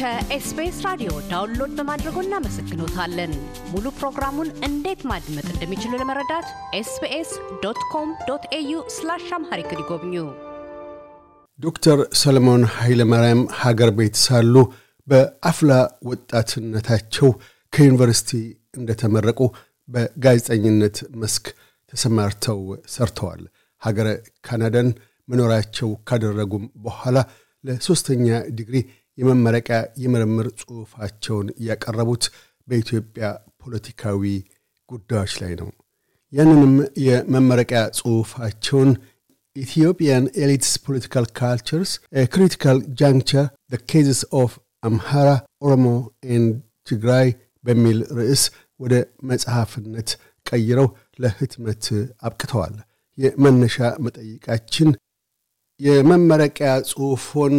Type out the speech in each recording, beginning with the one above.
ከኤስቢኤስ ራዲዮ ዳውንሎድ በማድረጎ እናመሰግኖታለን። ሙሉ ፕሮግራሙን እንዴት ማድመጥ እንደሚችሉ ለመረዳት ኤስቢኤስ ዶት ኮም ዶት ኤዩ ስላሽ አምሃሪክ ይጎብኙ። ዶክተር ሰለሞን ኃይለማርያም ሀገር ቤት ሳሉ በአፍላ ወጣትነታቸው ከዩኒቨርሲቲ እንደተመረቁ በጋዜጠኝነት መስክ ተሰማርተው ሰርተዋል። ሀገረ ካናዳን መኖራቸው ካደረጉም በኋላ ለሶስተኛ ዲግሪ የመመረቂያ የምርምር ጽሑፋቸውን ያቀረቡት በኢትዮጵያ ፖለቲካዊ ጉዳዮች ላይ ነው። ያንንም የመመረቂያ ጽሑፋቸውን ኢትዮጵያን ኤሊትስ ፖለቲካል ካልቸርስ ክሪቲካል ጃንክቸር ዘ ኬዝስ ኦፍ አምሃራ ኦሮሞ ኤንድ ትግራይ በሚል ርዕስ ወደ መጽሐፍነት ቀይረው ለህትመት አብቅተዋል። የመነሻ መጠይቃችን የመመረቂያ ጽሑፎን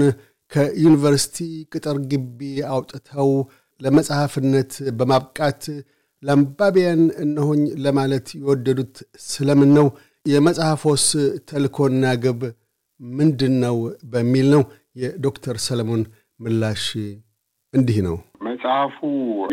ከዩኒቨርሲቲ ቅጥር ግቢ አውጥተው ለመጽሐፍነት በማብቃት ለአንባቢያን እነሆኝ ለማለት የወደዱት ስለምን ነው? የመጽሐፎስ ተልኮና ግብ ምንድን ነው? በሚል ነው። የዶክተር ሰለሞን ምላሽ እንዲህ ነው። መጽሐፉ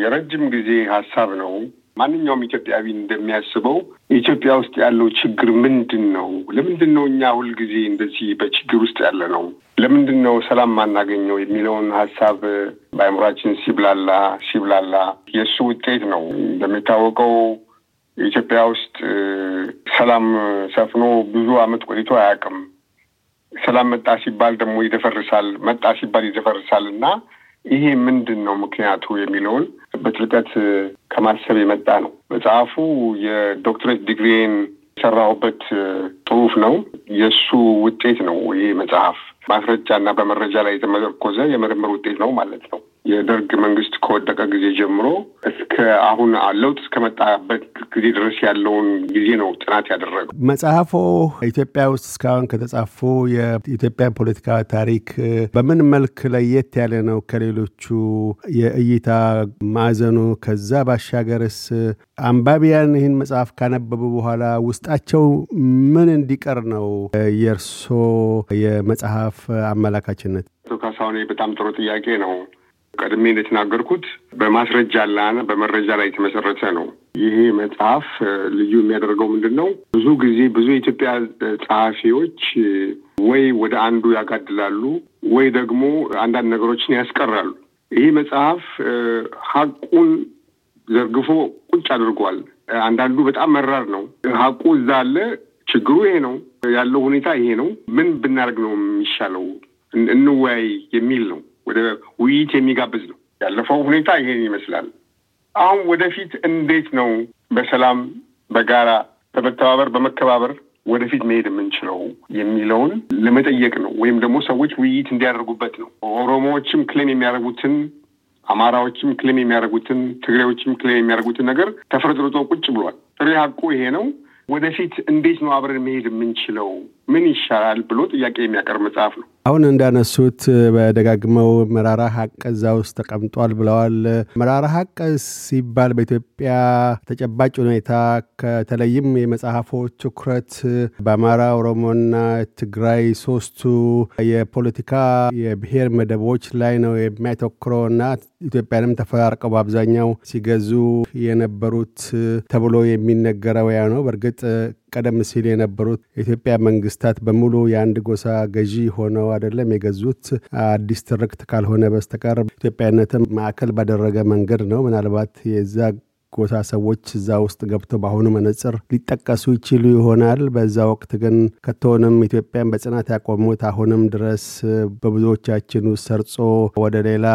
የረጅም ጊዜ ሀሳብ ነው። ማንኛውም ኢትዮጵያዊ እንደሚያስበው ኢትዮጵያ ውስጥ ያለው ችግር ምንድን ነው? ለምንድን ነው እኛ ሁልጊዜ እንደዚህ በችግር ውስጥ ያለ ነው? ለምንድን ነው ሰላም ማናገኘው የሚለውን ሀሳብ በአእምሯችን ሲብላላ ሲብላላ የእሱ ውጤት ነው እንደሚታወቀው ኢትዮጵያ ውስጥ ሰላም ሰፍኖ ብዙ ዓመት ቆይቶ አያውቅም። ሰላም መጣ ሲባል ደግሞ ይደፈርሳል፣ መጣ ሲባል ይደፈርሳል እና ይሄ ምንድን ነው ምክንያቱ የሚለውን በጥልቀት ከማሰብ የመጣ ነው። መጽሐፉ የዶክትሬት ዲግሪን የሰራሁበት ጽሁፍ ነው። የእሱ ውጤት ነው ይህ መጽሐፍ። ማስረጃ እና በመረጃ ላይ የተመረኮዘ የምርምር ውጤት ነው ማለት ነው። የደርግ መንግስት ከወደቀ ጊዜ ጀምሮ እስከ አሁን ለውጥ እስከመጣበት ጊዜ ድረስ ያለውን ጊዜ ነው ጥናት ያደረገው መጽሐፎ። ኢትዮጵያ ውስጥ እስካሁን ከተጻፉ የኢትዮጵያን ፖለቲካ ታሪክ በምን መልክ ለየት ያለ ነው ከሌሎቹ? የእይታ ማዕዘኑ ከዛ ባሻገርስ አንባቢያን ይህን መጽሐፍ ካነበቡ በኋላ ውስጣቸው ምን እንዲቀር ነው የእርሶ የመጽሐፍ አመላካችነት? አቶ በጣም ጥሩ ጥያቄ ነው። ቀድሜ እንደተናገርኩት በማስረጃ ላ በመረጃ ላይ የተመሰረተ ነው። ይሄ መጽሐፍ ልዩ የሚያደርገው ምንድን ነው? ብዙ ጊዜ ብዙ የኢትዮጵያ ጸሐፊዎች ወይ ወደ አንዱ ያጋድላሉ ወይ ደግሞ አንዳንድ ነገሮችን ያስቀራሉ። ይህ መጽሐፍ ሀቁን ዘርግፎ ቁጭ አድርጓል። አንዳንዱ በጣም መራር ነው። ሀቁ እዛ አለ፣ ችግሩ ይሄ ነው ያለው ሁኔታ ይሄ ነው፣ ምን ብናደርግ ነው የሚሻለው እንወያይ የሚል ነው። ወደ ውይይት የሚጋብዝ ነው። ያለፈው ሁኔታ ይሄን ይመስላል። አሁን ወደፊት እንዴት ነው በሰላም በጋራ በመተባበር በመከባበር ወደፊት መሄድ የምንችለው የሚለውን ለመጠየቅ ነው። ወይም ደግሞ ሰዎች ውይይት እንዲያደርጉበት ነው። ኦሮሞዎችም ክሌም የሚያደርጉትን፣ አማራዎችም ክሌም የሚያደርጉትን፣ ትግሬዎችም ክሌም የሚያደርጉትን ነገር ተፈርጥርጦ ቁጭ ብሏል። ጥሬ ሀቁ ይሄ ነው። ወደፊት እንዴት ነው አብረን መሄድ የምንችለው ምን ይሻላል ብሎ ጥያቄ የሚያቀርብ መጽሐፍ ነው። አሁን እንዳነሱት በደጋግመው መራራ ሀቅ እዛ ውስጥ ተቀምጧል ብለዋል። መራራ ሀቅ ሲባል በኢትዮጵያ ተጨባጭ ሁኔታ ከተለይም የመጽሐፎ ትኩረት በአማራ ኦሮሞና ትግራይ ሶስቱ የፖለቲካ የብሔር መደቦች ላይ ነው የሚያተኩረው እና ኢትዮጵያንም ተፈራርቀው በአብዛኛው ሲገዙ የነበሩት ተብሎ የሚነገረው ያ ነው። በእርግጥ ቀደም ሲል የነበሩት የኢትዮጵያ መንግስታት በሙሉ የአንድ ጎሳ ገዢ ሆነው አይደለም የገዙት። አዲስ ትርክት ካልሆነ በስተቀር ኢትዮጵያዊነትን ማዕከል ባደረገ መንገድ ነው። ምናልባት የዛ ጎሳ ሰዎች እዛ ውስጥ ገብተው በአሁኑ መነጽር ሊጠቀሱ ይችሉ ይሆናል። በዛ ወቅት ግን ከቶሆንም ኢትዮጵያን በጽናት ያቆሙት አሁንም ድረስ በብዙዎቻችን ውስጥ ሰርጾ ወደ ሌላ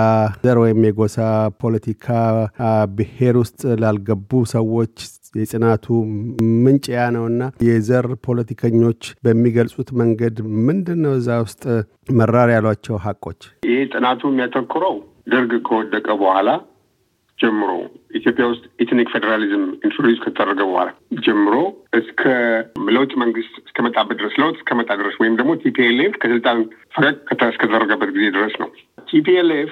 ዘር ወይም የጎሳ ፖለቲካ ብሄር ውስጥ ላልገቡ ሰዎች የጽናቱ ምንጭ ያ ነውና የዘር ፖለቲከኞች በሚገልጹት መንገድ ምንድን ነው እዛ ውስጥ መራር ያሏቸው ሀቆች? ይህ ጥናቱ የሚያተኩረው ደርግ ከወደቀ በኋላ ጀምሮ ኢትዮጵያ ውስጥ ኢትኒክ ፌዴራሊዝም ኢንትሮዲስ ከተደረገ በኋላ ጀምሮ እስከ ለውጥ መንግስት እስከመጣበት ድረስ ለውጥ እስከመጣ ድረስ ወይም ደግሞ ቲፒኤልኤፍ ከስልጣን ፈቀቅ እስከተደረገበት ጊዜ ድረስ ነው። ቲፒኤልኤፍ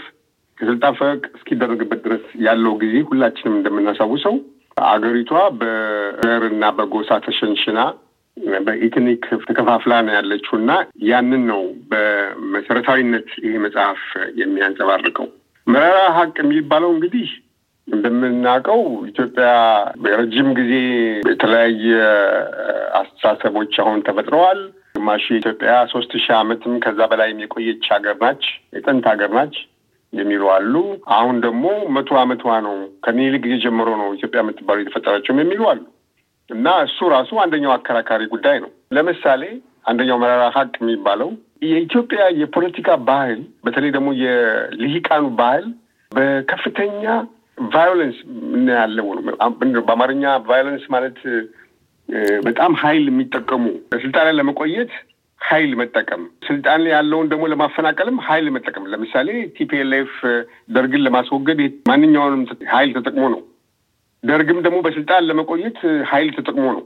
ከስልጣን ፈቀቅ እስኪደረግበት ድረስ ያለው ጊዜ ሁላችንም እንደምናሳውሰው አገሪቷ በዘር እና በጎሳ ተሸንሽና በኢትኒክ ተከፋፍላ ነው ያለችው እና ያንን ነው በመሰረታዊነት ይሄ መጽሐፍ የሚያንጸባርቀው። መራራ ሀቅ የሚባለው እንግዲህ እንደምናውቀው ኢትዮጵያ በረጅም ጊዜ የተለያየ አስተሳሰቦች አሁን ተፈጥረዋል። ግማሽ ኢትዮጵያ ሶስት ሺህ ዓመትም ከዛ በላይ የቆየች ሀገር ናች፣ የጥንት ሀገር ናች። የሚሉ አሉ። አሁን ደግሞ መቶ ዓመቷ ነው ከምኒልክ ጊዜ ጀምሮ ነው ኢትዮጵያ የምትባለው የተፈጠረችውም የሚሉ አሉ እና እሱ ራሱ አንደኛው አከራካሪ ጉዳይ ነው። ለምሳሌ አንደኛው መራራ ሀቅ የሚባለው የኢትዮጵያ የፖለቲካ ባህል በተለይ ደግሞ የልሂቃኑ ባህል በከፍተኛ ቫዮለንስ ምናያለው ነው። በአማርኛ ቫዮለንስ ማለት በጣም ኃይል የሚጠቀሙ ስልጣን ለመቆየት ኃይል መጠቀም ስልጣን ላይ ያለውን ደግሞ ለማፈናቀልም ኃይል መጠቀም ለምሳሌ ቲፒኤልኤፍ ደርግን ለማስወገድ ማንኛውንም ኃይል ተጠቅሞ ነው። ደርግም ደግሞ በስልጣን ለመቆየት ኃይል ተጠቅሞ ነው።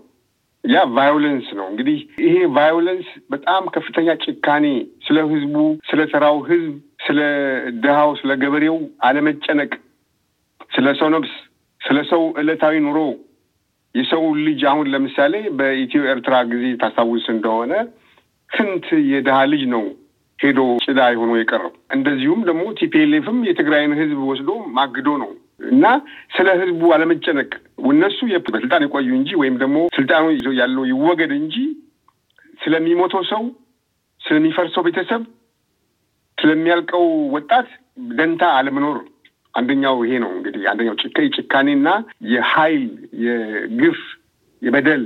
ያ ቫዮለንስ ነው። እንግዲህ ይሄ ቫዮለንስ በጣም ከፍተኛ ጭካኔ፣ ስለ ህዝቡ፣ ስለ ተራው ህዝብ፣ ስለ ድሃው፣ ስለ ገበሬው አለመጨነቅ፣ ስለ ሰው ነብስ፣ ስለ ሰው ዕለታዊ ኑሮ የሰው ልጅ አሁን ለምሳሌ በኢትዮ ኤርትራ ጊዜ ታስታውስ እንደሆነ ስንት የድሃ ልጅ ነው ሄዶ ጭዳ የሆኖ የቀረው? እንደዚሁም ደግሞ ቲፒኤልኤፍም የትግራይን ህዝብ ወስዶ ማግዶ ነው እና ስለ ህዝቡ አለመጨነቅ እነሱ በስልጣን የቆዩ እንጂ ወይም ደግሞ ስልጣኑ ይዘው ያለው ይወገድ እንጂ ስለሚሞተው ሰው፣ ስለሚፈርሰው ቤተሰብ፣ ስለሚያልቀው ወጣት ደንታ አለመኖር አንደኛው ይሄ ነው። እንግዲህ አንደኛው ጭካኔ ጭካኔና የሀይል የግፍ የበደል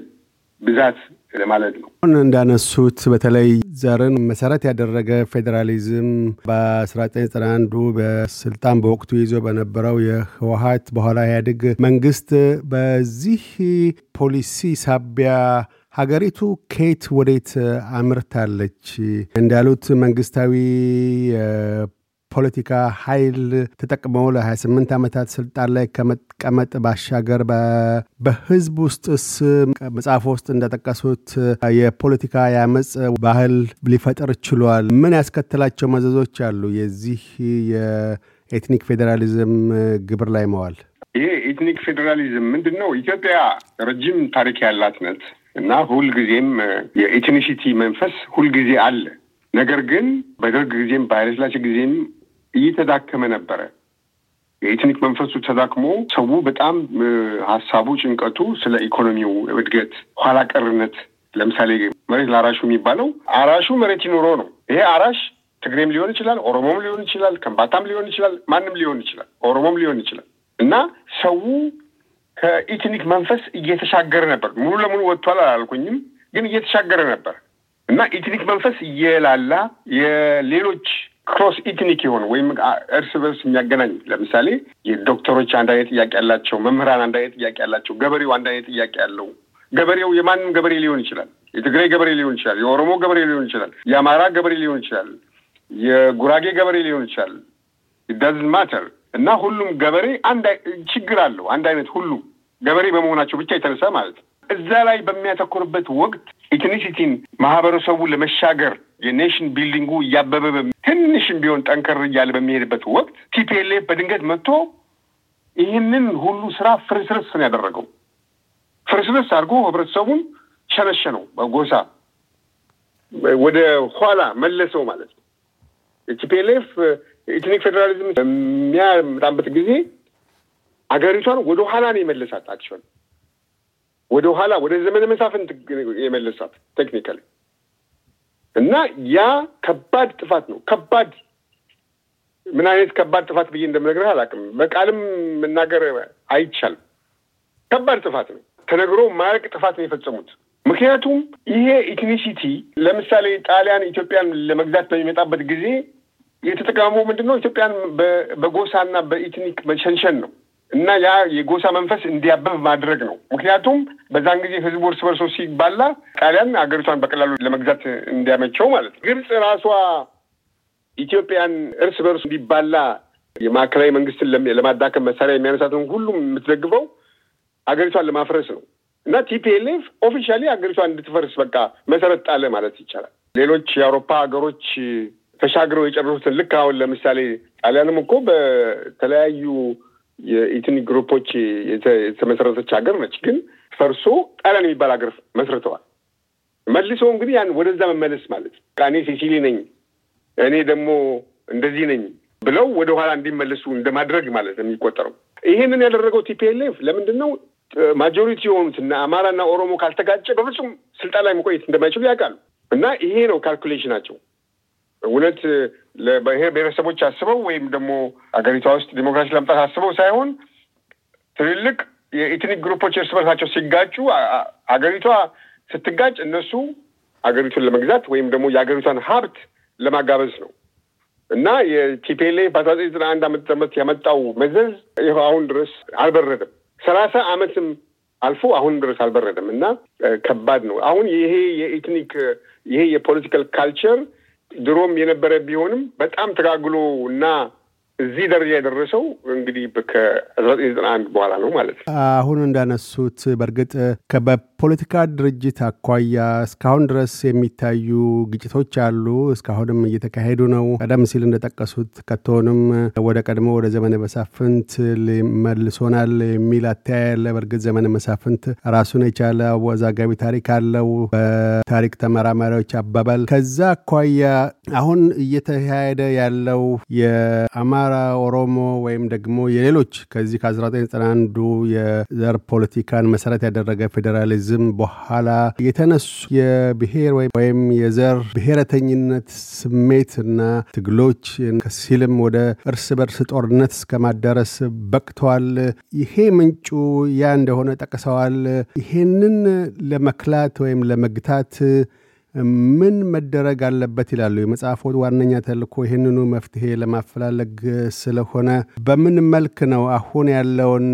ብዛት ለማለት ነው። አሁን እንዳነሱት በተለይ ዘርን መሰረት ያደረገ ፌዴራሊዝም በ1991 በስልጣን በወቅቱ ይዞ በነበረው የህወሀት በኋላ ኢህአዴግ መንግስት በዚህ ፖሊሲ ሳቢያ ሀገሪቱ ከየት ወዴት አምርታለች? እንዳሉት መንግስታዊ ፖለቲካ ኃይል ተጠቅመው ለ28 ዓመታት ስልጣን ላይ ከመቀመጥ ባሻገር በህዝብ ውስጥስ መጽሐፍ ውስጥ እንደጠቀሱት የፖለቲካ የአመፅ ባህል ሊፈጠር ችሏል። ምን ያስከትላቸው መዘዞች አሉ? የዚህ የኤትኒክ ፌዴራሊዝም ግብር ላይ መዋል ይሄ ኤትኒክ ፌዴራሊዝም ምንድን ነው? ኢትዮጵያ ረጅም ታሪክ ያላት ናት እና ሁልጊዜም የኤትኒሲቲ መንፈስ ሁልጊዜ አለ። ነገር ግን በደርግ ጊዜም በኃይለስላሴ ጊዜም እየተዳከመ ነበረ። የኤትኒክ መንፈሱ ተዳክሞ ሰው በጣም ሀሳቡ፣ ጭንቀቱ ስለ ኢኮኖሚው እድገት ኋላ ቀርነት ለምሳሌ መሬት ለአራሹ የሚባለው አራሹ መሬት ይኑሮ ነው። ይሄ አራሽ ትግሬም ሊሆን ይችላል፣ ኦሮሞም ሊሆን ይችላል፣ ከምባታም ሊሆን ይችላል፣ ማንም ሊሆን ይችላል፣ ኦሮሞም ሊሆን ይችላል። እና ሰው ከኢትኒክ መንፈስ እየተሻገረ ነበር። ሙሉ ለሙሉ ወጥቷል አላልኩኝም፣ ግን እየተሻገረ ነበር እና ኢትኒክ መንፈስ እየላላ የሌሎች ክሮስ ኢትኒክ የሆኑ ወይም እርስ በርስ የሚያገናኝ ለምሳሌ የዶክተሮች አንድ አይነት ጥያቄ ያላቸው፣ መምህራን አንድ አይነት ጥያቄ ያላቸው፣ ገበሬው አንድ አይነት ጥያቄ ያለው ገበሬው የማንም ገበሬ ሊሆን ይችላል። የትግራይ ገበሬ ሊሆን ይችላል። የኦሮሞ ገበሬ ሊሆን ይችላል። የአማራ ገበሬ ሊሆን ይችላል። የጉራጌ ገበሬ ሊሆን ይችላል። ዳዝን ማተር እና ሁሉም ገበሬ አንድ ችግር አለው። አንድ አይነት ሁሉ ገበሬ በመሆናቸው ብቻ የተነሳ ማለት ነው። እዛ ላይ በሚያተኩርበት ወቅት ኢትኒሲቲን ማህበረሰቡ ለመሻገር የኔሽን ቢልዲንጉ እያበበ ትንሽም ቢሆን ጠንከር እያለ በሚሄድበት ወቅት ቲፒኤልኤፍ በድንገት መጥቶ ይህንን ሁሉ ስራ ፍርስርስ ነው ያደረገው። ፍርስርስ አድርጎ ህብረተሰቡን ሸነሸነው፣ በጎሳ ወደ ኋላ መለሰው ማለት ነው። ቲፒኤልኤፍ ኢትኒክ ፌዴራሊዝም በሚያመጣበት ጊዜ አገሪቷን ወደ ኋላ ነው የመለሳት። አክሽን ወደ ኋላ ወደ ዘመነ መሳፍንት የመለሳት ቴክኒካል እና ያ ከባድ ጥፋት ነው። ከባድ ምን አይነት ከባድ ጥፋት ብዬ እንደምነግርህ አላውቅም። በቃልም መናገር አይቻልም። ከባድ ጥፋት ነው። ተነግሮ ማያልቅ ጥፋት ነው የፈጸሙት። ምክንያቱም ይሄ ኢትኒሲቲ ለምሳሌ ጣሊያን ኢትዮጵያን ለመግዛት በሚመጣበት ጊዜ የተጠቀሙ ምንድን ነው ኢትዮጵያን በጎሳና በኢትኒክ መሸንሸን ነው። እና ያ የጎሳ መንፈስ እንዲያበብ ማድረግ ነው። ምክንያቱም በዛን ጊዜ ህዝቡ እርስ በርሶ ሲባላ ጣሊያን አገሪቷን በቀላሉ ለመግዛት እንዲያመቸው ማለት ነው። ግብፅ ራሷ ኢትዮጵያን እርስ በርሱ እንዲባላ የማዕከላዊ መንግስትን ለማዳከም መሳሪያ የሚያነሳትን ሁሉም የምትደግፈው አገሪቷን ለማፍረስ ነው እና ቲፒኤልኤፍ ኦፊሻሊ አገሪቷን እንድትፈርስ በቃ መሰረት ጣለ ማለት ይቻላል። ሌሎች የአውሮፓ ሀገሮች ተሻግረው የጨረሱትን ልክ አሁን ለምሳሌ ጣሊያንም እኮ በተለያዩ የኢትኒክ ግሩፖች የተመሰረተች ሀገር ነች። ግን ፈርሶ ጣሊያን የሚባል ሀገር መስርተዋል። መልሶ እንግዲህ ያን ወደዛ መመለስ ማለት እኔ ሲሲሊ ነኝ፣ እኔ ደግሞ እንደዚህ ነኝ ብለው ወደኋላ እንዲመለሱ እንደማድረግ ማለት ነው የሚቆጠረው። ይህንን ያደረገው ቲፒኤልኤፍ ለምንድን ነው? ማጆሪቲ የሆኑት እና አማራና ኦሮሞ ካልተጋጨ በፍጹም ስልጣን ላይ መቆየት እንደማይችሉ ያውቃሉ። እና ይሄ ነው ካልኩሌሽናቸው። እውነት ለብሔር ብሔረሰቦች አስበው ወይም ደግሞ አገሪቷ ውስጥ ዲሞክራሲ ለምጣት አስበው ሳይሆን ትልልቅ የኢትኒክ ግሩፖች እርስ በርሳቸው ሲጋጩ አገሪቷ ስትጋጭ እነሱ አገሪቱን ለመግዛት ወይም ደግሞ የአገሪቷን ሀብት ለማጋበዝ ነው እና የቲፒኤልኤፍ በአስራ ዘጠኝ ዘጠና አንድ ዓመተ ምህረት ያመጣው መዘዝ ይኸው አሁን ድረስ አልበረደም። ሰላሳ ዓመትም አልፎ አሁን ድረስ አልበረደም እና ከባድ ነው። አሁን ይሄ የኢትኒክ ይሄ የፖለቲካል ካልቸር ድሮም የነበረ ቢሆንም በጣም ተጋግሎ እና እዚህ ደረጃ የደረሰው እንግዲህ ከ 1991 በኋላ ነው ማለት ነው። አሁን እንዳነሱት በእርግጥ ከበ ፖለቲካ ድርጅት አኳያ እስካሁን ድረስ የሚታዩ ግጭቶች አሉ፣ እስካሁንም እየተካሄዱ ነው። ቀደም ሲል እንደጠቀሱት ከቶሆንም ወደ ቀድሞ ወደ ዘመነ መሳፍንት መልሶናል የሚል አተያይ በእርግጥ ዘመነ መሳፍንት ራሱን የቻለ አወዛጋቢ ታሪክ አለው በታሪክ ተመራማሪዎች አባባል። ከዛ አኳያ አሁን እየተካሄደ ያለው የአማራ ኦሮሞ ወይም ደግሞ የሌሎች ከዚህ ከ1991 የዘር ፖለቲካን መሰረት ያደረገ ፌዴራሊዝም ዝም በኋላ የተነሱ የብሔር ወይም የዘር ብሔረተኝነት ስሜት እና ትግሎች ከሲልም ወደ እርስ በርስ ጦርነት እስከማዳረስ በቅተዋል። ይሄ ምንጩ ያ እንደሆነ ጠቅሰዋል። ይሄንን ለመክላት ወይም ለመግታት ምን መደረግ አለበት ይላሉ? የመጽሐፉ ዋነኛ ተልእኮ ይህንኑ መፍትሄ ለማፈላለግ ስለሆነ በምን መልክ ነው አሁን ያለውን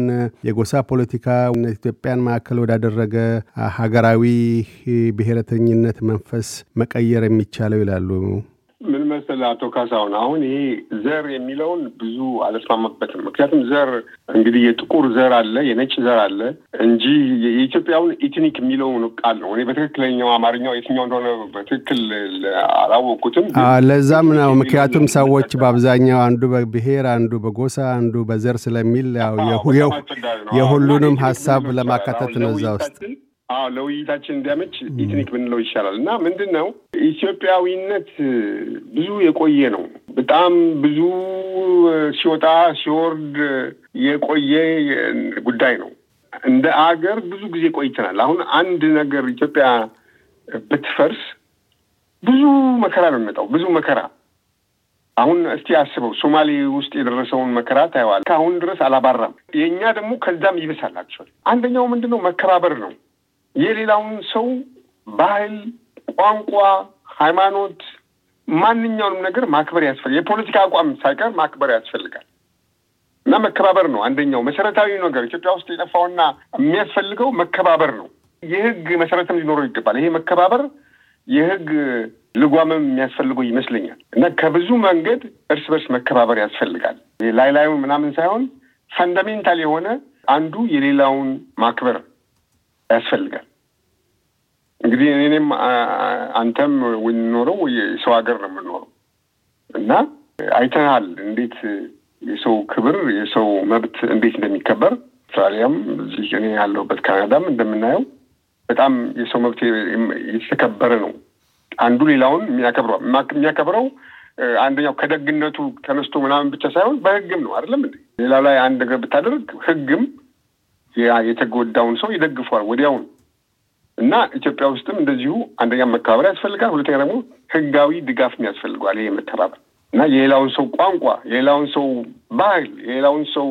የጎሳ ፖለቲካ ኢትዮጵያን ማዕከል ወዳደረገ ሀገራዊ ብሔረተኝነት መንፈስ መቀየር የሚቻለው ይላሉ? አቶ ካሳሁን አሁን ይሄ ዘር የሚለውን ብዙ አልስማማበትም። ምክንያቱም ዘር እንግዲህ የጥቁር ዘር አለ፣ የነጭ ዘር አለ እንጂ የኢትዮጵያውን ኢትኒክ የሚለው ቃል ነው። እኔ በትክክለኛው አማርኛው የትኛው እንደሆነ በትክክል አላወቅኩትም። ለዛም ነው ምክንያቱም ሰዎች በአብዛኛው አንዱ በብሔር አንዱ በጎሳ አንዱ በዘር ስለሚል የሁሉንም ሀሳብ ለማካተት ነው እዛ ውስጥ አዎ ለውይይታችን እንዲያመች ኢትኒክ ብንለው ይሻላል እና ምንድን ነው ኢትዮጵያዊነት ብዙ የቆየ ነው። በጣም ብዙ ሲወጣ ሲወርድ የቆየ ጉዳይ ነው። እንደ አገር ብዙ ጊዜ ቆይተናል። አሁን አንድ ነገር ኢትዮጵያ ብትፈርስ ብዙ መከራ ነው የሚመጣው። ብዙ መከራ አሁን እስቲ አስበው፣ ሶማሌ ውስጥ የደረሰውን መከራ ታየዋል። ከአሁን ድረስ አላባራም። የእኛ ደግሞ ከዛም ይብሳል። አንደኛው ምንድን ነው መከባበር ነው። የሌላውን ሰው ባህል፣ ቋንቋ፣ ሃይማኖት፣ ማንኛውንም ነገር ማክበር ያስፈልጋል። የፖለቲካ አቋም ሳይቀር ማክበር ያስፈልጋል እና መከባበር ነው አንደኛው መሰረታዊ ነገር። ኢትዮጵያ ውስጥ የጠፋውና የሚያስፈልገው መከባበር ነው። የህግ መሰረትም ሊኖረው ይገባል። ይሄ መከባበር የህግ ልጓምም የሚያስፈልገው ይመስለኛል እና ከብዙ መንገድ እርስ በርስ መከባበር ያስፈልጋል። ላይ ላዩ ምናምን ሳይሆን ፈንዳሜንታል የሆነ አንዱ የሌላውን ማክበር ያስፈልጋል። እንግዲህ እኔም አንተም የምንኖረው የሰው ሀገር ነው የምንኖረው እና አይተናል እንዴት የሰው ክብር የሰው መብት እንዴት እንደሚከበር አውስትራሊያም እዚህ እኔ ያለሁበት ካናዳም እንደምናየው በጣም የሰው መብት የተከበረ ነው። አንዱ ሌላውን የሚያከብረው አንደኛው ከደግነቱ ተነስቶ ምናምን ብቻ ሳይሆን በህግም ነው አይደለም እንዴ? ሌላው ላይ አንድ ነገር ብታደርግ ህግም የተጎዳውን ሰው ይደግፏል ወዲያውን እና ኢትዮጵያ ውስጥም እንደዚሁ አንደኛ መከባበር ያስፈልጋል፣ ሁለተኛ ደግሞ ህጋዊ ድጋፍ ያስፈልገዋል። ይሄ መተባበር እና የሌላውን ሰው ቋንቋ፣ የሌላውን ሰው ባህል፣ የሌላውን ሰው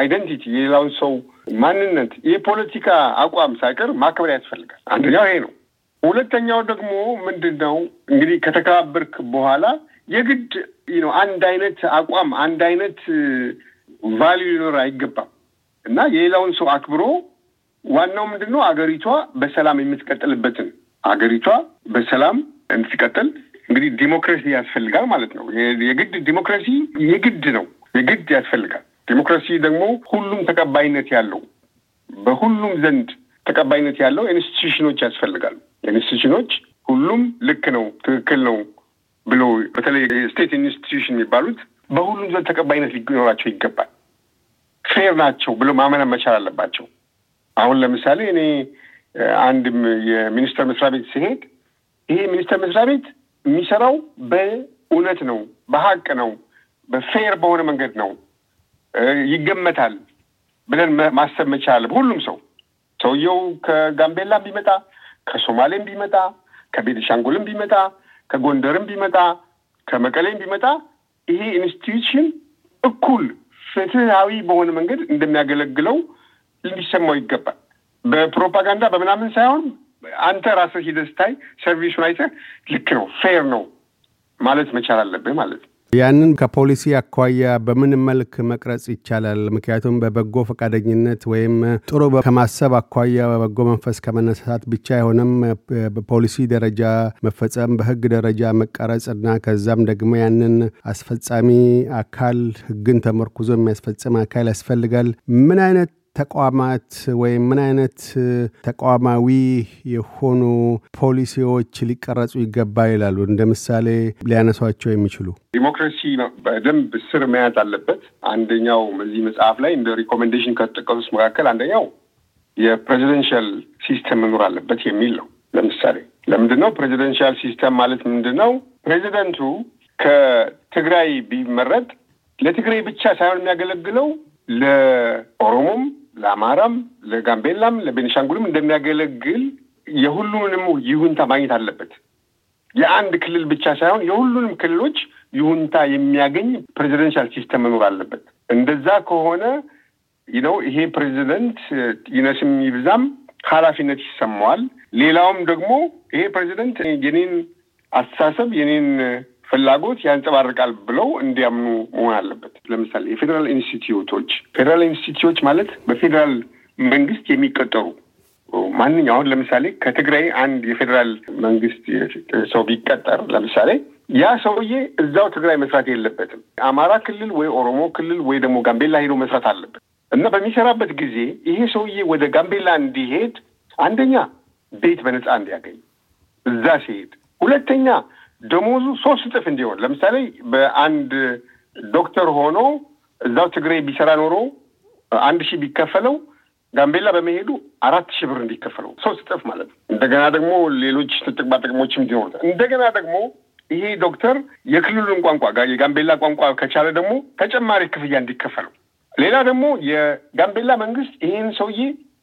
አይደንቲቲ፣ የሌላውን ሰው ማንነት፣ የፖለቲካ አቋም ሳይቀር ማክበር ያስፈልጋል። አንደኛው ይሄ ነው። ሁለተኛው ደግሞ ምንድን ነው እንግዲህ ከተከባበርክ በኋላ የግድ ነው አንድ አይነት አቋም አንድ አይነት ቫሊዩ uh, ሊኖር አይገባም። እና የሌላውን ሰው አክብሮ ዋናው ምንድን ነው አገሪቷ በሰላም የምትቀጥልበትን አገሪቷ በሰላም እንድትቀጥል እንግዲህ ዲሞክራሲ ያስፈልጋል ማለት ነው። የግድ ዲሞክራሲ የግድ ነው፣ የግድ ያስፈልጋል። ዲሞክራሲ ደግሞ ሁሉም ተቀባይነት ያለው በሁሉም ዘንድ ተቀባይነት ያለው ኢንስቲቱሽኖች ያስፈልጋሉ። ኢንስቲቱሽኖች ሁሉም ልክ ነው፣ ትክክል ነው ብሎ በተለይ ስቴት ኢንስቲቱሽን የሚባሉት በሁሉም ዘንድ ተቀባይነት ሊኖራቸው ይገባል። ፌር ናቸው ብሎ ማመን መቻል አለባቸው። አሁን ለምሳሌ እኔ አንድም የሚኒስቴር መስሪያ ቤት ሲሄድ ይሄ ሚኒስቴር መስሪያ ቤት የሚሰራው በእውነት ነው፣ በሀቅ ነው፣ በፌር በሆነ መንገድ ነው፣ ይገመታል ብለን ማሰብ መቻል ሁሉም ሰው ሰውየው ከጋምቤላም ቢመጣ ከሶማሌም ቢመጣ ከቤተሻንጉልም ቢመጣ ከጎንደርም ቢመጣ ከመቀሌም ቢመጣ ይሄ ኢንስቲትዩሽን እኩል ፍትሃዊ በሆነ መንገድ እንደሚያገለግለው እንዲሰማው ይገባል። በፕሮፓጋንዳ በምናምን ሳይሆን አንተ ራስህ ሂደስታይ ስታይ ሰርቪሱን አይተህ ልክ ነው ፌር ነው ማለት መቻል አለብህ ማለት ነው። ያንን ከፖሊሲ አኳያ በምን መልክ መቅረጽ ይቻላል? ምክንያቱም በበጎ ፈቃደኝነት ወይም ጥሩ ከማሰብ አኳያ በበጎ መንፈስ ከመነሳት ብቻ አይሆንም። በፖሊሲ ደረጃ መፈጸም፣ በህግ ደረጃ መቀረጽ እና ከዛም ደግሞ ያንን አስፈጻሚ አካል ህግን ተመርኩዞ የሚያስፈጽም አካል ያስፈልጋል። ምን አይነት ተቋማት ወይም ምን አይነት ተቋማዊ የሆኑ ፖሊሲዎች ሊቀረጹ ይገባ ይላሉ? እንደ ምሳሌ ሊያነሷቸው የሚችሉ ዲሞክራሲ በደንብ ስር መያዝ አለበት። አንደኛው በዚህ መጽሐፍ ላይ እንደ ሪኮሜንዴሽን ከተጠቀሱት መካከል አንደኛው የፕሬዚደንሻል ሲስተም መኖር አለበት የሚል ነው። ለምሳሌ ለምንድን ነው ፕሬዚደንሻል ሲስተም ማለት ምንድን ነው? ፕሬዚደንቱ ከትግራይ ቢመረጥ ለትግራይ ብቻ ሳይሆን የሚያገለግለው ለኦሮሞም ለአማራም፣ ለጋምቤላም፣ ለቤኒሻንጉልም እንደሚያገለግል የሁሉንም ይሁንታ ማግኘት አለበት። የአንድ ክልል ብቻ ሳይሆን የሁሉንም ክልሎች ይሁንታ የሚያገኝ ፕሬዚደንሻል ሲስተም መኖር አለበት። እንደዛ ከሆነ ነው ይሄ ፕሬዚደንት ይነስም ይብዛም ኃላፊነት ይሰማዋል። ሌላውም ደግሞ ይሄ ፕሬዚደንት የኔን አስተሳሰብ የኔን ፍላጎት ያንጸባርቃል ብለው እንዲያምኑ መሆን አለበት። ለምሳሌ የፌዴራል ኢንስቲትዩቶች ፌዴራል ኢንስቲትዩቶች ማለት በፌዴራል መንግስት የሚቀጠሩ ማንኛው አሁን ለምሳሌ ከትግራይ አንድ የፌዴራል መንግስት ሰው ቢቀጠር ለምሳሌ ያ ሰውዬ እዛው ትግራይ መስራት የለበትም። አማራ ክልል ወይ ኦሮሞ ክልል ወይ ደግሞ ጋምቤላ ሄዶ መስራት አለበት እና በሚሰራበት ጊዜ ይሄ ሰውዬ ወደ ጋምቤላ እንዲሄድ አንደኛ ቤት በነፃ እንዲያገኝ እዛ ሲሄድ፣ ሁለተኛ ደሞዙ ሶስት እጥፍ እንዲሆን ለምሳሌ በአንድ ዶክተር ሆኖ እዛው ትግራይ ቢሰራ ኖሮ አንድ ሺህ ቢከፈለው ጋምቤላ በመሄዱ አራት ሺህ ብር እንዲከፈለው ሶስት እጥፍ ማለት ነው። እንደገና ደግሞ ሌሎች ጥቅማ ጥቅሞችም እንዲኖሩት እንደገና ደግሞ ይሄ ዶክተር የክልሉን ቋንቋ የጋምቤላ ቋንቋ ከቻለ ደግሞ ተጨማሪ ክፍያ እንዲከፈለው፣ ሌላ ደግሞ የጋምቤላ መንግስት ይህን ሰውዬ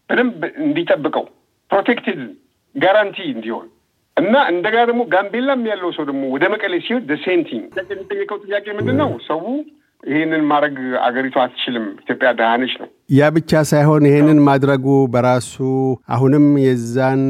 በደንብ እንዲጠብቀው ፕሮቴክትድ ጋራንቲ እንዲሆን እና እንደገና ደግሞ ጋምቤላም ያለው ሰው ደግሞ ወደ መቀሌ ሲሄድ ደሴንቲንግ የሚጠየቀው ጥያቄ ምንድን ነው ሰው ይህንን ማድረግ አገሪቱ አትችልም። ኢትዮጵያ ድሃ ነች ነው። ያ ብቻ ሳይሆን ይህንን ማድረጉ በራሱ አሁንም የዛን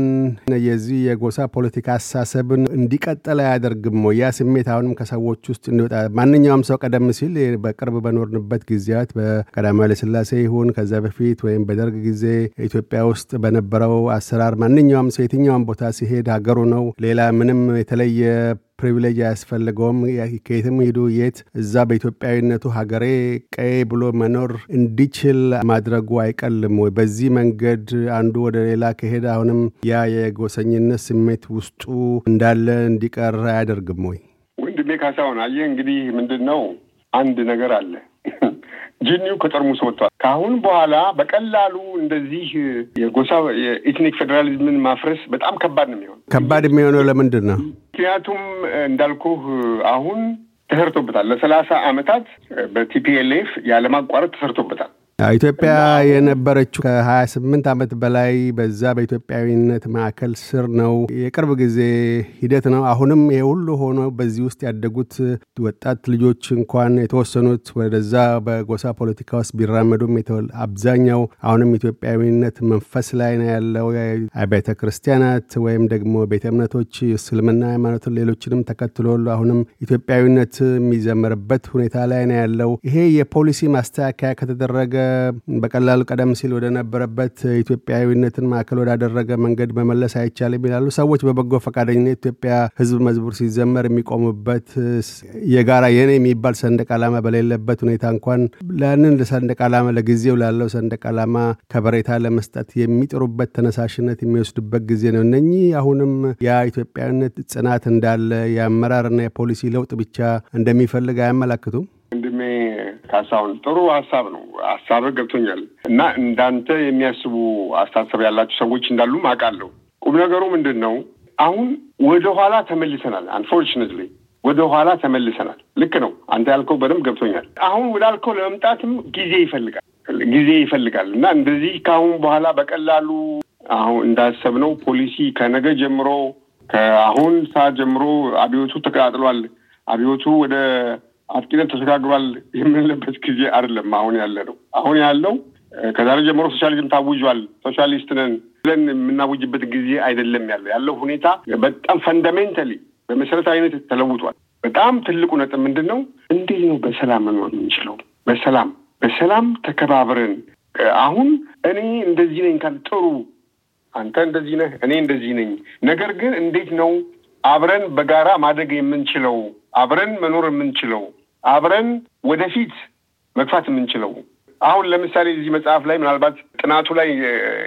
የዚህ የጎሳ ፖለቲካ አሳሰብን እንዲቀጥል አያደርግም ወይ? ያ ስሜት አሁንም ከሰዎች ውስጥ እንዲወጣ ማንኛውም ሰው ቀደም ሲል በቅርብ በኖርንበት ጊዜያት በቀዳማዊ ኃይለ ይሁን ከዛ በፊት ወይም በደርግ ጊዜ ኢትዮጵያ ውስጥ በነበረው አሰራር ማንኛውም ሰው የትኛውም ቦታ ሲሄድ ሀገሩ ነው። ሌላ ምንም የተለየ ፕሪቪሌጅ አያስፈልገውም፣ ከየትም ሂዱ የት እዛ በኢትዮጵያዊነቱ ሀገሬ ቀይ ብሎ መኖር እንዲችል ማድረጉ አይቀልም ወይ? በዚህ መንገድ አንዱ ወደ ሌላ ከሄደ አሁንም ያ የጎሰኝነት ስሜት ውስጡ እንዳለ እንዲቀር አያደርግም ወይ? ወንድሜ ካሳሁን አየ እንግዲህ ምንድን ነው አንድ ነገር አለ ጅኒው ከጠርሙስ ወጥቷል። ከአሁን በኋላ በቀላሉ እንደዚህ የጎሳ የኢትኒክ ፌዴራሊዝምን ማፍረስ በጣም ከባድ ነው የሚሆነው። ከባድ የሚሆነው ለምንድን ነው? ምክንያቱም እንዳልኩህ አሁን ተሰርቶበታል። ለሰላሳ አመታት በቲፒኤልኤፍ ያለማቋረጥ ተሰርቶበታል። ኢትዮጵያ የነበረችው ከ28 ዓመት በላይ በዛ በኢትዮጵያዊነት ማዕከል ስር ነው። የቅርብ ጊዜ ሂደት ነው። አሁንም ይሄ ሁሉ ሆኖ በዚህ ውስጥ ያደጉት ወጣት ልጆች እንኳን የተወሰኑት ወደዛ በጎሳ ፖለቲካ ውስጥ ቢራመዱም አብዛኛው አሁንም ኢትዮጵያዊነት መንፈስ ላይ ነው ያለው። ቤተ ክርስቲያናት ወይም ደግሞ ቤተ እምነቶች እስልምና ሃይማኖትን፣ ሌሎችንም ተከትሎ አሁንም ኢትዮጵያዊነት የሚዘመርበት ሁኔታ ላይ ነው ያለው። ይሄ የፖሊሲ ማስተካከያ ከተደረገ በቀላሉ ቀደም ሲል ወደነበረበት ኢትዮጵያዊነትን ማዕከል ወዳደረገ መንገድ መመለስ አይቻልም ይላሉ። ሰዎች በበጎ ፈቃደኝነት ኢትዮጵያ ህዝብ መዝሙር ሲዘመር የሚቆሙበት የጋራ የኔ የሚባል ሰንደቅ ዓላማ በሌለበት ሁኔታ እንኳን ለንን ለሰንደቅ ዓላማ ለጊዜው ላለው ሰንደቅ ዓላማ ከበሬታ ለመስጠት የሚጥሩበት ተነሳሽነት የሚወስዱበት ጊዜ ነው። እነኚህ አሁንም የኢትዮጵያዊነት ጽናት እንዳለ የአመራርና የፖሊሲ ለውጥ ብቻ እንደሚፈልግ አያመላክቱም። ወንድሜ ካሳሁን ጥሩ ሀሳብ ነው። ሀሳብ ገብቶኛል እና እንዳንተ የሚያስቡ አስተሳሰብ ያላቸው ሰዎች እንዳሉም አውቃለሁ። ቁም ነገሩ ምንድን ነው? አሁን ወደኋላ ተመልሰናል። አንፎርችነትሊ ወደኋላ ተመልሰናል። ልክ ነው። አንተ ያልከው በደንብ ገብቶኛል። አሁን ወዳልከው ለመምጣትም ጊዜ ይፈልጋል ጊዜ ይፈልጋል እና እንደዚህ ከአሁን በኋላ በቀላሉ አሁን እንዳሰብነው ፖሊሲ ከነገ ጀምሮ ከአሁን ሰዓት ጀምሮ አብዮቱ ተቀጣጥሏል። አብዮቱ ወደ አጥቂነት ተሸጋግሯል የምንልበት ጊዜ አይደለም አሁን ያለ ነው። አሁን ያለው ከዛሬ ጀምሮ ሶሻሊዝም ታውጇል፣ ሶሻሊስት ነን ብለን የምናውጅበት ጊዜ አይደለም ያለው። ያለው ሁኔታ በጣም ፈንዳሜንታሊ አይነት ተለውጧል። በጣም ትልቁ ነጥብ ምንድን ነው? እንዴት ነው በሰላም መኖር የምንችለው? በሰላም በሰላም ተከባብረን አሁን እኔ እንደዚህ ነኝ ካል ጥሩ አንተ እንደዚህ ነህ፣ እኔ እንደዚህ ነኝ። ነገር ግን እንዴት ነው አብረን በጋራ ማደግ የምንችለው አብረን መኖር የምንችለው አብረን ወደፊት መግፋት የምንችለው። አሁን ለምሳሌ እዚህ መጽሐፍ ላይ ምናልባት ጥናቱ ላይ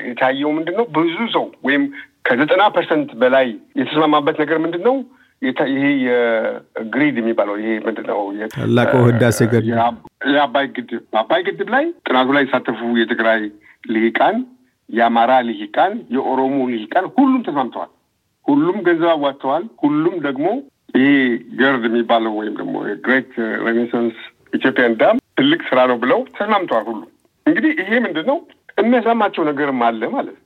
የታየው ምንድን ነው? ብዙ ሰው ወይም ከዘጠና ፐርሰንት በላይ የተስማማበት ነገር ምንድን ነው? ይሄ የግሪድ የሚባለው ይሄ ምንድን ነው? ታላቁ ህዳሴ ግድብ፣ የአባይ ግድብ። አባይ ግድብ ላይ ጥናቱ ላይ የተሳተፉ የትግራይ ልሂቃን፣ የአማራ ልሂቃን፣ የኦሮሞ ልሂቃን ሁሉም ተስማምተዋል። ሁሉም ገንዘብ አዋጥተዋል። ሁሉም ደግሞ ይህ ገርድ የሚባለው ወይም ደግሞ ግሬት ሬኔሳንስ ኢትዮጵያን ዳም ትልቅ ስራ ነው ብለው ተስማምተዋል። ሁሉ እንግዲህ ይሄ ምንድን ነው የሚያሳማቸው ነገርም አለ ማለት ነው።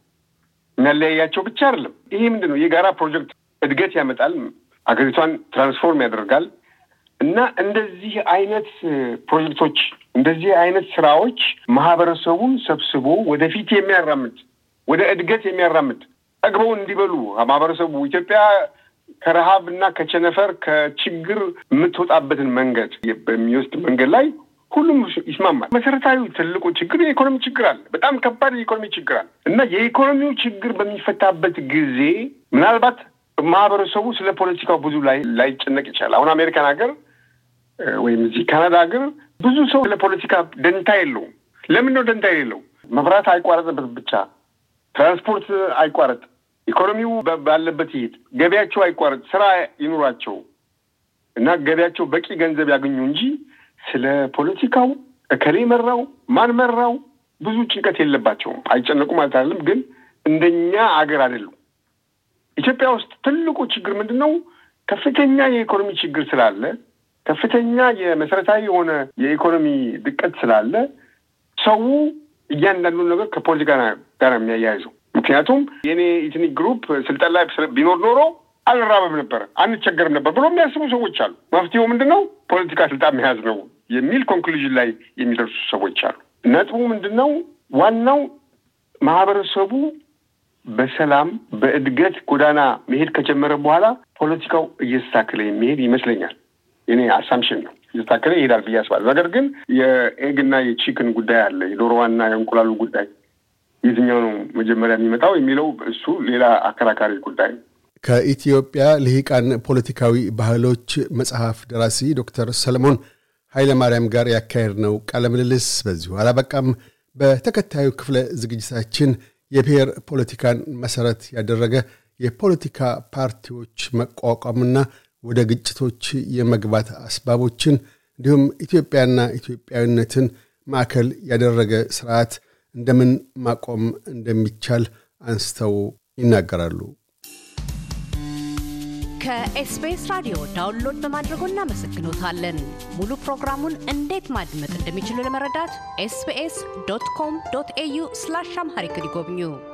የሚያለያያቸው ብቻ አይደለም። ይሄ ምንድን ነው የጋራ ፕሮጀክት እድገት ያመጣል፣ አገሪቷን ትራንስፎርም ያደርጋል እና እንደዚህ አይነት ፕሮጀክቶች እንደዚህ አይነት ስራዎች ማህበረሰቡን ሰብስቦ ወደፊት የሚያራምድ ወደ እድገት የሚያራምድ ጠግበውን እንዲበሉ ማህበረሰቡ ኢትዮጵያ ከረሃብ እና ከቸነፈር ከችግር የምትወጣበትን መንገድ በሚወስድ መንገድ ላይ ሁሉም ይስማማል። መሰረታዊ ትልቁ ችግር የኢኮኖሚ ችግር አለ። በጣም ከባድ የኢኮኖሚ ችግር አለ እና የኢኮኖሚው ችግር በሚፈታበት ጊዜ ምናልባት ማህበረሰቡ ስለ ፖለቲካው ብዙ ላይ ላይጨነቅ ይችላል። አሁን አሜሪካን ሀገር ወይም እዚህ ካናዳ ሀገር ብዙ ሰው ፖለቲካ ደንታ የለውም። ለምን ነው ደንታ የሌለው? መብራት አይቋረጥበት ብቻ፣ ትራንስፖርት አይቋረጥ፣ ኢኮኖሚው ባለበት ይሄድ፣ ገበያቸው አይቋረጥ፣ ስራ ይኑራቸው እና ገበያቸው በቂ ገንዘብ ያገኙ እንጂ ስለ ፖለቲካው እከሌ መራው ማን መራው ብዙ ጭንቀት የለባቸውም። አይጨነቁ ማለት አይደለም፣ ግን እንደኛ አገር አይደሉም። ኢትዮጵያ ውስጥ ትልቁ ችግር ምንድን ነው? ከፍተኛ የኢኮኖሚ ችግር ስላለ ከፍተኛ የመሰረታዊ የሆነ የኢኮኖሚ ድቀት ስላለ ሰው እያንዳንዱን ነገር ከፖለቲካ ጋር የሚያያይዘው ምክንያቱም የኔ ኢትኒክ ግሩፕ ስልጣን ላይ ቢኖር ኖሮ አልራበም ነበር፣ አንቸገርም ነበር ብሎ የሚያስቡ ሰዎች አሉ። መፍትሄው ምንድን ነው? ፖለቲካ ስልጣን መያዝ ነው የሚል ኮንክሉዥን ላይ የሚደርሱ ሰዎች አሉ። ነጥቡ ምንድን ነው? ዋናው ማህበረሰቡ በሰላም በእድገት ጎዳና መሄድ ከጀመረ በኋላ ፖለቲካው እየተስተካከለ የሚሄድ ይመስለኛል። እኔ አሳምሽን ነው እየተስተካከለ ይሄዳል ብዬ አስባለሁ። ነገር ግን የኤግና የቺክን ጉዳይ አለ፣ የዶሮዋና የእንቁላሉ ጉዳይ የትኛው ነው መጀመሪያ የሚመጣው የሚለው እሱ ሌላ አከራካሪ ጉዳይ ነው። ከኢትዮጵያ ልሂቃን ፖለቲካዊ ባህሎች መጽሐፍ ደራሲ ዶክተር ሰለሞን ኃይለማርያም ጋር ያካሄድ ነው ቃለ ምልልስ በዚሁ አላበቃም። በተከታዩ ክፍለ ዝግጅታችን የብሔር ፖለቲካን መሰረት ያደረገ የፖለቲካ ፓርቲዎች መቋቋምና ወደ ግጭቶች የመግባት አስባቦችን እንዲሁም ኢትዮጵያና ኢትዮጵያዊነትን ማዕከል ያደረገ ስርዓት እንደምን ማቆም እንደሚቻል አንስተው ይናገራሉ። ከኤስቢኤስ ራዲዮ ዳውንሎድ በማድረጎ እናመሰግኖታለን። ሙሉ ፕሮግራሙን እንዴት ማድመጥ እንደሚችሉ ለመረዳት ኤስቢኤስ ዶት ኮም ዶት ኤዩ ስላሽ ሊጎብኙ ይጎብኙ።